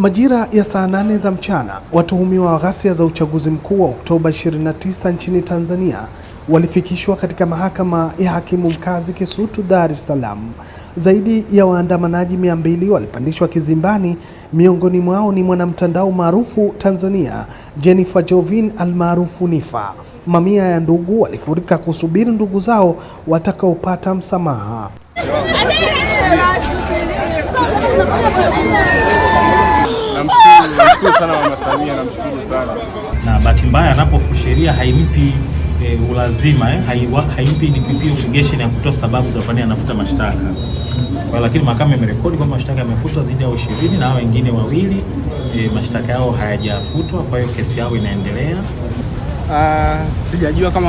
Majira ya saa nane za mchana, watuhumiwa wa ghasia za uchaguzi mkuu wa Oktoba 29 nchini Tanzania walifikishwa katika mahakama ya hakimu mkazi Kisutu, Dar es Salaam. Zaidi ya waandamanaji 200 walipandishwa kizimbani, miongoni mwao ni mwanamtandao maarufu Tanzania Jennifer Jovin almaarufu nifa Mamia ya ndugu walifurika kusubiri ndugu zao watakaopata msamaha Namshukuru sana mama Samia, namshukuru sana. Na bahati mbaya anapofusheria haimpi e, ulazima eh, haimpi DPP obligation ya kutoa sababu za kwa anafuta mashtaka kwa, lakini mahakama imerekodi kwamba mashtaka yamefutwa dhidi ya ishirini na hao wengine wawili e, mashtaka yao hayajafutwa, kwa hiyo kesi yao inaendelea. Uh, sijajua kama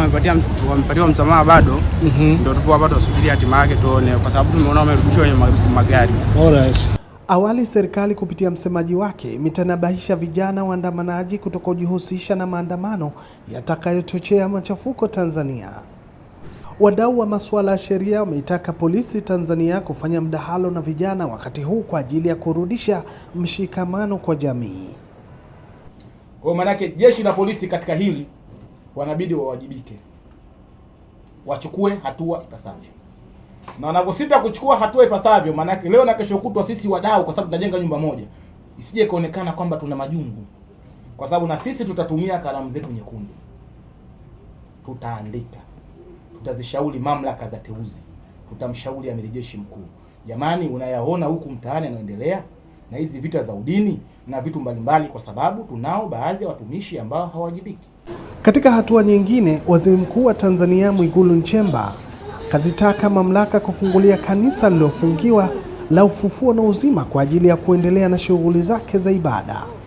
wamepatiwa msamaha bado. mm -hmm. Ndio tupo hapa tusubiri hatima yake tuone, kwa sababu tumeona wamerudishwa kwenye magari. Alright. Awali serikali kupitia msemaji wake imetanabahisha vijana waandamanaji kutokojihusisha na maandamano yatakayochochea machafuko Tanzania. Wadau wa masuala ya sheria wameitaka polisi Tanzania kufanya mdahalo na vijana wakati huu kwa ajili ya kurudisha mshikamano kwa jamii. Kwa maanake jeshi la polisi katika hili wanabidi wawajibike, wachukue hatua ipasavyo na wanavyosita kuchukua hatua ipasavyo, maanake leo na kesho kutwa sisi wadau, kwa sababu tunajenga nyumba moja, isije ikaonekana kwamba tuna majungu, kwa sababu na sisi tutatumia kalamu zetu nyekundu, tutaandika, tutazishauri mamlaka za teuzi, tutamshauri amiri jeshi mkuu, jamani, unayaona huku mtaani anaendelea na hizi vita za udini na vitu mbalimbali, kwa sababu tunao baadhi ya watumishi ambao hawajibiki. Katika hatua nyingine, waziri mkuu wa Tanzania Mwigulu Nchemba kazitaka mamlaka kufungulia kanisa lililofungiwa la Ufufuo na Uzima kwa ajili ya kuendelea na shughuli zake za ibada.